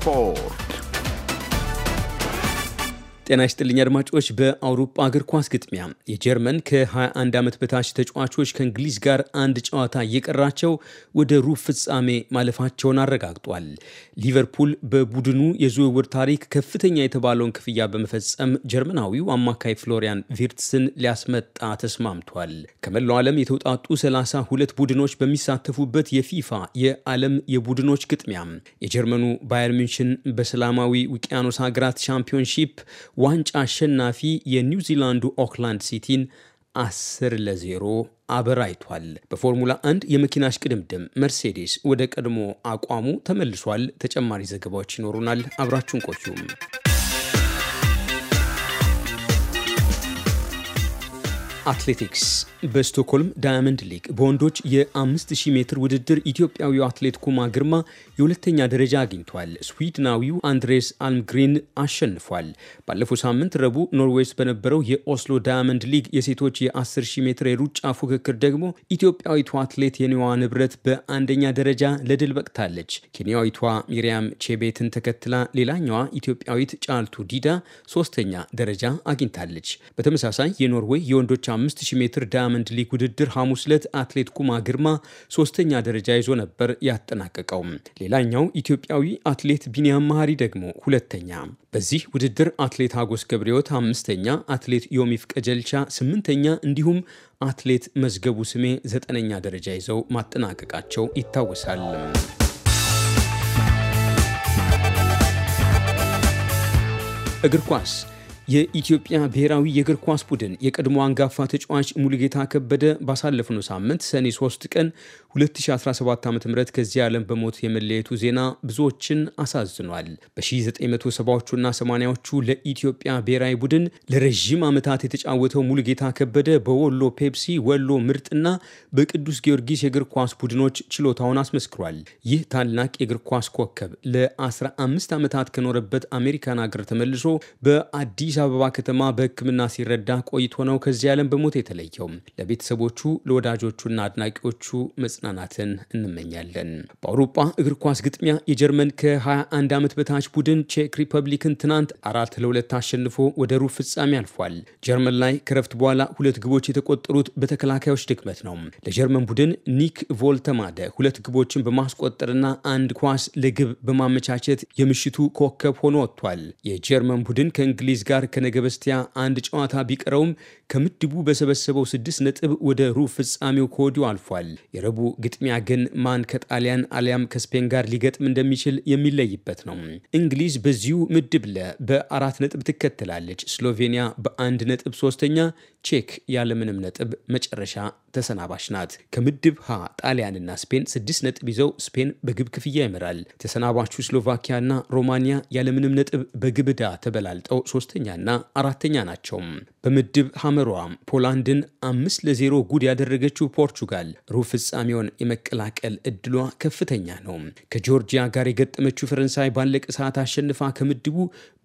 Four. ጤና ይስጥልኝ አድማጮች። በአውሮፓ እግር ኳስ ግጥሚያ የጀርመን ከ21 ዓመት በታች ተጫዋቾች ከእንግሊዝ ጋር አንድ ጨዋታ እየቀራቸው ወደ ሩብ ፍጻሜ ማለፋቸውን አረጋግጧል። ሊቨርፑል በቡድኑ የዝውውር ታሪክ ከፍተኛ የተባለውን ክፍያ በመፈጸም ጀርመናዊው አማካይ ፍሎሪያን ቪርትስን ሊያስመጣ ተስማምቷል። ከመላው ዓለም የተውጣጡ 32 ቡድኖች በሚሳተፉበት የፊፋ የዓለም የቡድኖች ግጥሚያ የጀርመኑ ባየር ሚንሽን በሰላማዊ ውቅያኖስ ሀገራት ሻምፒዮንሺፕ ዋንጫ አሸናፊ የኒውዚላንዱ ኦክላንድ ሲቲን 10 ለ0 አበራይቷል። በፎርሙላ 1 የመኪና ቅድምድም መርሴዴስ ወደ ቀድሞ አቋሙ ተመልሷል። ተጨማሪ ዘገባዎች ይኖሩናል። አብራችሁን ቆዩም። አትሌቲክስ በስቶክሆልም ዳያመንድ ሊግ በወንዶች የ5000 ሜትር ውድድር ኢትዮጵያዊው አትሌት ኩማ ግርማ የሁለተኛ ደረጃ አግኝቷል። ስዊድናዊው አንድሬስ አልምግሪን አሸንፏል። ባለፈው ሳምንት ረቡዕ ኖርዌይስ በነበረው የኦስሎ ዳያመንድ ሊግ የሴቶች የ10000 ሜትር የሩጫ ፉክክር ደግሞ ኢትዮጵያዊቷ አትሌት የኒዋ ንብረት በአንደኛ ደረጃ ለድል በቅታለች። ኬንያዊቷ ሚሪያም ቼቤትን ተከትላ ሌላኛዋ ኢትዮጵያዊት ጫልቱ ዲዳ ሶስተኛ ደረጃ አግኝታለች። በተመሳሳይ የኖርዌይ የወንዶች 5000 ሜትር ዳያመንድ ሊግ ውድድር ሐሙስ ዕለት አትሌት ኩማ ግርማ ሶስተኛ ደረጃ ይዞ ነበር ያጠናቀቀው። ሌላኛው ኢትዮጵያዊ አትሌት ቢንያም መሀሪ ደግሞ ሁለተኛ። በዚህ ውድድር አትሌት ሀጎስ ገብረሕይወት አምስተኛ፣ አትሌት ዮሚፍ ቀጀልቻ ስምንተኛ እንዲሁም አትሌት መዝገቡ ስሜ ዘጠነኛ ደረጃ ይዘው ማጠናቀቃቸው ይታወሳል። እግር ኳስ የኢትዮጵያ ብሔራዊ የእግር ኳስ ቡድን የቀድሞ አንጋፋ ተጫዋች ሙሉጌታ ከበደ ባሳለፍነው ሳምንት ሰኔ 3 ቀን 2017 ዓ ም ከዚህ ዓለም በሞት የመለየቱ ዜና ብዙዎችን አሳዝኗል። በ1970ዎቹና 80ዎቹ ለኢትዮጵያ ብሔራዊ ቡድን ለረዥም ዓመታት የተጫወተው ሙሉጌታ ከበደ በወሎ ፔፕሲ፣ ወሎ ምርጥና በቅዱስ ጊዮርጊስ የእግር ኳስ ቡድኖች ችሎታውን አስመስክሯል። ይህ ታላቅ የእግር ኳስ ኮከብ ለ15 ዓመታት ከኖረበት አሜሪካን አገር ተመልሶ በአዲስ አበባ ከተማ በሕክምና ሲረዳ ቆይቶ ነው ከዚህ ዓለም በሞት የተለየው። ለቤተሰቦቹ ለወዳጆቹና አድናቂዎቹ መጽ መጽናናትን እንመኛለን። በአውሮፓ እግር ኳስ ግጥሚያ የጀርመን ከ21 ዓመት በታች ቡድን ቼክ ሪፐብሊክን ትናንት አራት ለሁለት አሸንፎ ወደ ሩብ ፍጻሜ አልፏል። ጀርመን ላይ ከረፍት በኋላ ሁለት ግቦች የተቆጠሩት በተከላካዮች ድክመት ነው። ለጀርመን ቡድን ኒክ ቮልተማደ ሁለት ግቦችን በማስቆጠርና አንድ ኳስ ለግብ በማመቻቸት የምሽቱ ኮከብ ሆኖ ወጥቷል። የጀርመን ቡድን ከእንግሊዝ ጋር ከነገ በስቲያ አንድ ጨዋታ ቢቀረውም ከምድቡ በሰበሰበው ስድስት ነጥብ ወደ ሩብ ፍጻሜው ከወዲሁ አልፏል። የረቡ ግጥሚያ ግን ማን ከጣሊያን አሊያም ከስፔን ጋር ሊገጥም እንደሚችል የሚለይበት ነው። እንግሊዝ በዚሁ ምድብ ለ በአራት ነጥብ ትከተላለች። ስሎቬኒያ በአንድ ነጥብ ሶስተኛ፣ ቼክ ያለምንም ነጥብ መጨረሻ ተሰናባሽ ናት። ከምድብ ሀ ጣሊያንና ስፔን ስድስት ነጥብ ይዘው ስፔን በግብ ክፍያ ይመራል። ተሰናባቹ ስሎቫኪያና ሮማኒያ ያለምንም ነጥብ በግብዳ ተበላልጠው ሶስተኛና አራተኛ ናቸው። በምድብ አምሯ ፖላንድን አምስት ለዜሮ ጉድ ያደረገችው ፖርቹጋል ሩብ ፍጻሜውን የመቀላቀል እድሏ ከፍተኛ ነው። ከጆርጂያ ጋር የገጠመችው ፈረንሳይ ባለቀ ሰዓት አሸንፋ ከምድቡ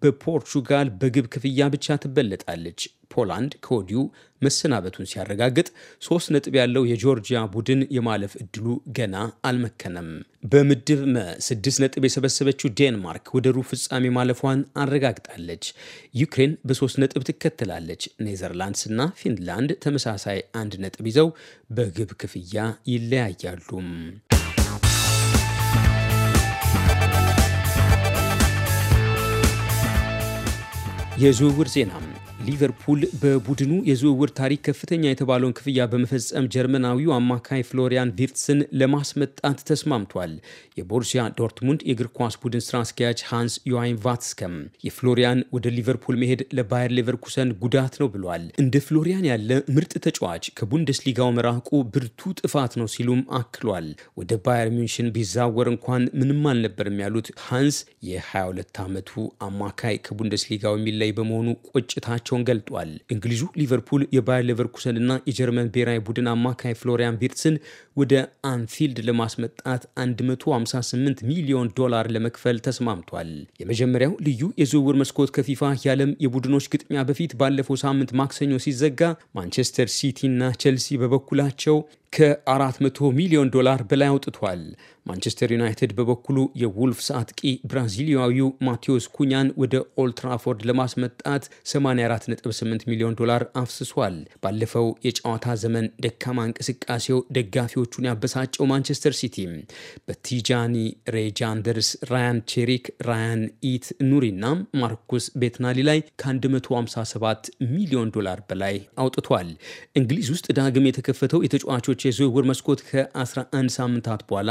በፖርቹጋል በግብ ክፍያ ብቻ ትበለጣለች። ፖላንድ ከወዲሁ መሰናበቱን ሲያረጋግጥ ሶስት ነጥብ ያለው የጆርጂያ ቡድን የማለፍ እድሉ ገና አልመከነም። በምድብ መ ስድስት ነጥብ የሰበሰበችው ዴንማርክ ወደ ሩብ ፍጻሜ ማለፏን አረጋግጣለች። ዩክሬን በሶስት ነጥብ ትከተላለች። ኔዘርላንድስ እና ፊንላንድ ተመሳሳይ አንድ ነጥብ ይዘው በግብ ክፍያ ይለያያሉ። የዝውውር ዜናም ሊቨርፑል በቡድኑ የዝውውር ታሪክ ከፍተኛ የተባለውን ክፍያ በመፈጸም ጀርመናዊው አማካይ ፍሎሪያን ቪርትስን ለማስመጣት ተስማምቷል። የቦሩሲያ ዶርትሙንድ የእግር ኳስ ቡድን ስራ አስኪያጅ ሃንስ ዮሃን ቫትስከም የፍሎሪያን ወደ ሊቨርፑል መሄድ ለባየር ሌቨርኩሰን ጉዳት ነው ብሏል። እንደ ፍሎሪያን ያለ ምርጥ ተጫዋች ከቡንደስሊጋው መራቁ ብርቱ ጥፋት ነው ሲሉም አክሏል። ወደ ባየር ሚንሽን ቢዛወር እንኳን ምንም አልነበርም ያሉት ሃንስ የ22 ዓመቱ አማካይ ከቡንደስሊጋው የሚለይ በመሆኑ ቆጭታቸውን መሆኑን ገልጧል። እንግሊዙ ሊቨርፑል የባየር ሌቨርኩሰንና የጀርመን ብሔራዊ ቡድን አማካይ ፍሎሪያን ቪርትስን ወደ አንፊልድ ለማስመጣት 158 ሚሊዮን ዶላር ለመክፈል ተስማምቷል። የመጀመሪያው ልዩ የዝውውር መስኮት ከፊፋ የዓለም የቡድኖች ግጥሚያ በፊት ባለፈው ሳምንት ማክሰኞ ሲዘጋ ማንቸስተር ሲቲ እና ቼልሲ በበኩላቸው ከ400 ሚሊዮን ዶላር በላይ አውጥቷል። ማንቸስተር ዩናይትድ በበኩሉ የውልፍስ አጥቂ ብራዚሊያዊው ማቴዎስ ኩኛን ወደ ኦልትራፎርድ ለማስመጣት 848 ሚሊዮን ዶላር አፍስሷል። ባለፈው የጨዋታ ዘመን ደካማ እንቅስቃሴው ደጋፊዎቹን ያበሳጨው ማንቸስተር ሲቲ በቲጃኒ ሬጃንደርስ፣ ራያን ቼሪክ፣ ራያን ኢት ኑሪና ማርኩስ ቤትናሊ ላይ ከ157 ሚሊዮን ዶላር በላይ አውጥቷል። እንግሊዝ ውስጥ ዳግም የተከፈተው የተጫዋቾች ተጫዋቾች የዝውውር መስኮት ከ11 ሳምንታት በኋላ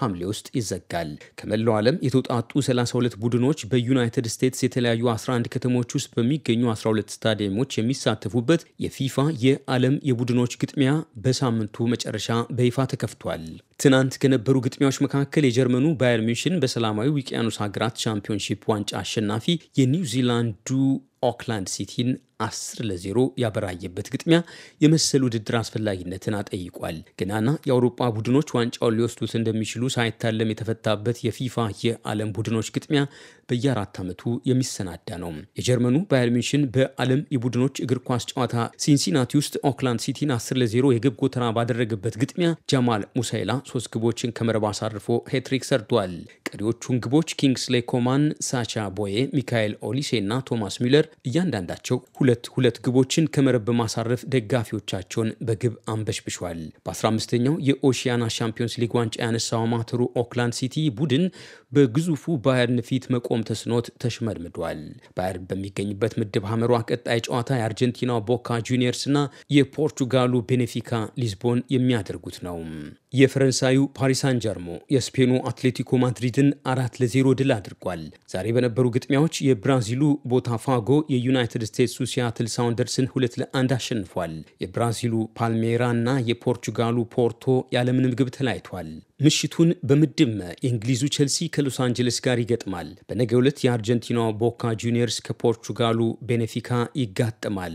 ሐምሌ ውስጥ ይዘጋል። ከመላው ዓለም የተውጣጡ 32 ቡድኖች በዩናይትድ ስቴትስ የተለያዩ 11 ከተሞች ውስጥ በሚገኙ 12 ስታዲየሞች የሚሳተፉበት የፊፋ የዓለም የቡድኖች ግጥሚያ በሳምንቱ መጨረሻ በይፋ ተከፍቷል። ትናንት ከነበሩ ግጥሚያዎች መካከል የጀርመኑ ባየር ሚሽን በሰላማዊ ውቅያኖስ ሀገራት ቻምፒዮንሺፕ ዋንጫ አሸናፊ የኒውዚላንዱ ኦክላንድ ሲቲን አስር ለዜሮ ያበራየበት ግጥሚያ የመሰል ውድድር አስፈላጊነትን አጠይቋል። ገናና የአውሮፓ ቡድኖች ዋንጫውን ሊወስዱት እንደሚችሉ ሳይታለም የተፈታበት የፊፋ የዓለም ቡድኖች ግጥሚያ በየአራት ዓመቱ የሚሰናዳ ነው። የጀርመኑ ባየር ሚንሽን በዓለም የቡድኖች እግር ኳስ ጨዋታ ሲንሲናቲ ውስጥ ኦክላንድ ሲቲን አስር ለዜሮ የግብ ጎተራ ባደረገበት ግጥሚያ ጃማል ሙሳይላ ሶስት ግቦችን ከመረብ አሳርፎ ሄትሪክ ሰርቷል። ቀሪዎቹን ግቦች ኪንግስሌ ኮማን፣ ሳቻ ቦዬ፣ ሚካኤል ኦሊሴ እና ቶማስ ሚለር እያንዳንዳቸው ሁለት ሁለት ግቦችን ከመረብ በማሳረፍ ደጋፊዎቻቸውን በግብ አንበሽብሿል። በ15ኛው የኦሺያና ሻምፒዮንስ ሊግ ዋንጫ ያነሳው አማተሩ ኦክላንድ ሲቲ ቡድን በግዙፉ ባየርን ፊት መቆም ተስኖት ተሽመድምዷል። ባየርን በሚገኝበት ምድብ ሐመሯ ቀጣይ ጨዋታ የአርጀንቲናው ቦካ ጁኒየርስና የፖርቱጋሉ ቤኔፊካ ሊዝቦን የሚያደርጉት ነው። የፈረንሳዩ ፓሪሳን ጀርሞ የስፔኑ አትሌቲኮ ማድሪድን አራት ለዜሮ ድል አድርጓል። ዛሬ በነበሩ ግጥሚያዎች የብራዚሉ ቦታፋጎ የዩናይትድ ስቴትሱ ሲያትል ሳውንደርስን ሁለት ለአንድ አሸንፏል። የብራዚሉ ፓልሜራ እና የፖርቹጋሉ ፖርቶ ያለምንም ግብ ተለያይቷል። ምሽቱን በምድመ የእንግሊዙ ቼልሲ ከሎስ አንጀለስ ጋር ይገጥማል። በነገ ዕለት የአርጀንቲናው ቦካ ጁኒየርስ ከፖርቹጋሉ ቤኔፊካ ይጋጠማል።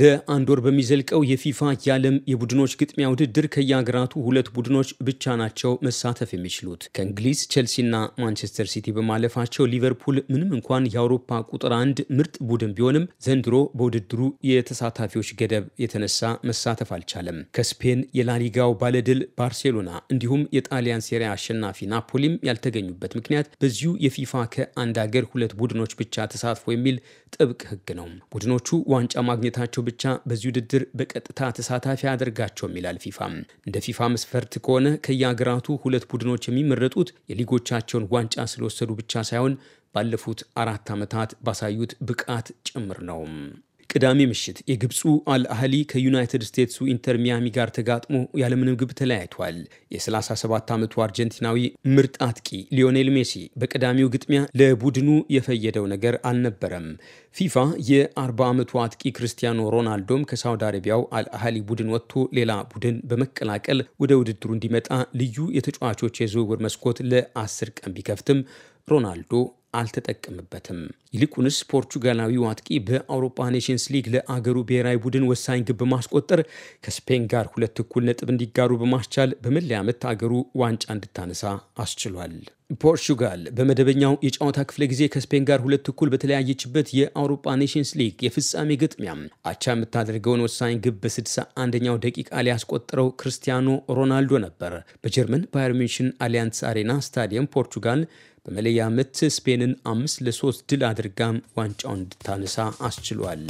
ለአንድ ወር በሚዘልቀው የፊፋ የዓለም የቡድኖች ግጥሚያ ውድድር ከየሀገራቱ ሁለት ቡድኖች ብቻ ናቸው መሳተፍ የሚችሉት። ከእንግሊዝ ቼልሲና ማንቸስተር ሲቲ በማለፋቸው ሊቨርፑል ምንም እንኳን የአውሮፓ ቁጥር አንድ ምርጥ ቡድን ቢሆንም ዘንድሮ በውድድሩ የተሳታፊዎች ገደብ የተነሳ መሳተፍ አልቻለም። ከስፔን የላሊጋው ባለድል ባርሴሎና እንዲሁም የጣ የጣሊያን ሴሪያ አሸናፊ ናፖሊም ያልተገኙበት ምክንያት በዚሁ የፊፋ ከአንድ አገር ሁለት ቡድኖች ብቻ ተሳትፎ የሚል ጥብቅ ሕግ ነው። ቡድኖቹ ዋንጫ ማግኘታቸው ብቻ በዚህ ውድድር በቀጥታ ተሳታፊ አያደርጋቸውም ይላል ፊፋ። እንደ ፊፋ መስፈርት ከሆነ ከየሀገራቱ ሁለት ቡድኖች የሚመረጡት የሊጎቻቸውን ዋንጫ ስለወሰዱ ብቻ ሳይሆን ባለፉት አራት ዓመታት ባሳዩት ብቃት ጭምር ነው። ቅዳሜ ምሽት የግብፁ አልአህሊ ከዩናይትድ ስቴትሱ ኢንተር ሚያሚ ጋር ተጋጥሞ ያለምንም ግብ ተለያይቷል። የ37 ዓመቱ አርጀንቲናዊ ምርጥ አጥቂ ሊዮኔል ሜሲ በቅዳሜው ግጥሚያ ለቡድኑ የፈየደው ነገር አልነበረም። ፊፋ የ40 ዓመቱ አጥቂ ክርስቲያኖ ሮናልዶም ከሳውዲ አረቢያው አልአህሊ ቡድን ወጥቶ ሌላ ቡድን በመቀላቀል ወደ ውድድሩ እንዲመጣ ልዩ የተጫዋቾች የዝውውር መስኮት ለአስር ቀን ቢከፍትም ሮናልዶ አልተጠቀምበትም። ይልቁንስ ፖርቹጋላዊው አጥቂ በአውሮፓ ኔሽንስ ሊግ ለአገሩ ብሔራዊ ቡድን ወሳኝ ግብ በማስቆጠር ከስፔን ጋር ሁለት እኩል ነጥብ እንዲጋሩ በማስቻል በመለያ ምት አገሩ ዋንጫ እንድታነሳ አስችሏል። ፖርቹጋል በመደበኛው የጨዋታ ክፍለ ጊዜ ከስፔን ጋር ሁለት እኩል በተለያየችበት የአውሮፓ ኔሽንስ ሊግ የፍጻሜ ግጥሚያ አቻ የምታደርገውን ወሳኝ ግብ በ61ኛው ደቂቃ ያስቆጠረው ክርስቲያኖ ሮናልዶ ነበር። በጀርመን ባየር ሚንሽን አሊያንስ አሬና ስታዲየም ፖርቹጋል በመለያ ምት ስፔንን አምስት ለሶስት ድል አድርጋ ዋንጫውን እንድታነሳ አስችሏል።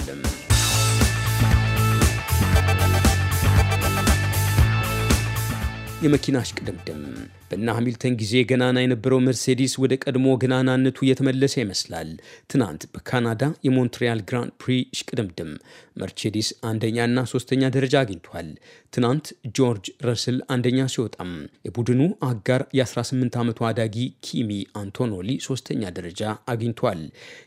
የመኪና እሽቅድምድም በና ሃሚልተን ጊዜ ገናና የነበረው መርሴዲስ ወደ ቀድሞ ገናናነቱ የተመለሰ ይመስላል። ትናንት በካናዳ የሞንትሪያል ግራንድ ፕሪ ሽቅድምድም መርሴዲስ አንደኛና ሶስተኛ ደረጃ አግኝቷል። ትናንት ጆርጅ ረስል አንደኛ ሲወጣም የቡድኑ አጋር የ18 ዓመቱ አዳጊ ኪሚ አንቶኖሊ ሶስተኛ ደረጃ አግኝቷል።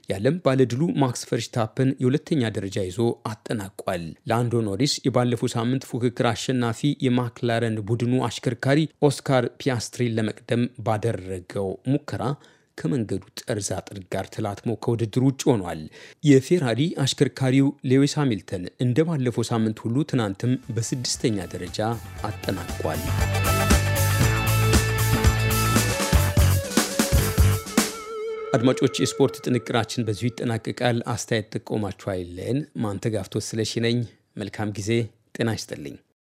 የዓለም ባለድሉ ማክስ ፈርሽታፕን የሁለተኛ ደረጃ ይዞ አጠናቋል። ላንዶ ኖሪስ የባለፈው ሳምንት ፉክክር አሸናፊ የማክላረን ቡድኑ አሽከርካሪ ኦስካር ፒያስ ኢንዱስትሪን ለመቅደም ባደረገው ሙከራ ከመንገዱ ጠርዝ አጥር ጋር ተላትሞ ከውድድር ውጭ ሆኗል። የፌራሪ አሽከርካሪው ሌዊስ ሃሚልተን እንደ ባለፈው ሳምንት ሁሉ ትናንትም በስድስተኛ ደረጃ አጠናቋል። አድማጮች፣ የስፖርት ጥንቅራችን በዚሁ ይጠናቀቃል። አስተያየት ጥቆማችሁ አይለን። ማንተጋፍቶ ስለሺ ነኝ። መልካም ጊዜ። ጤና ይስጥልኝ።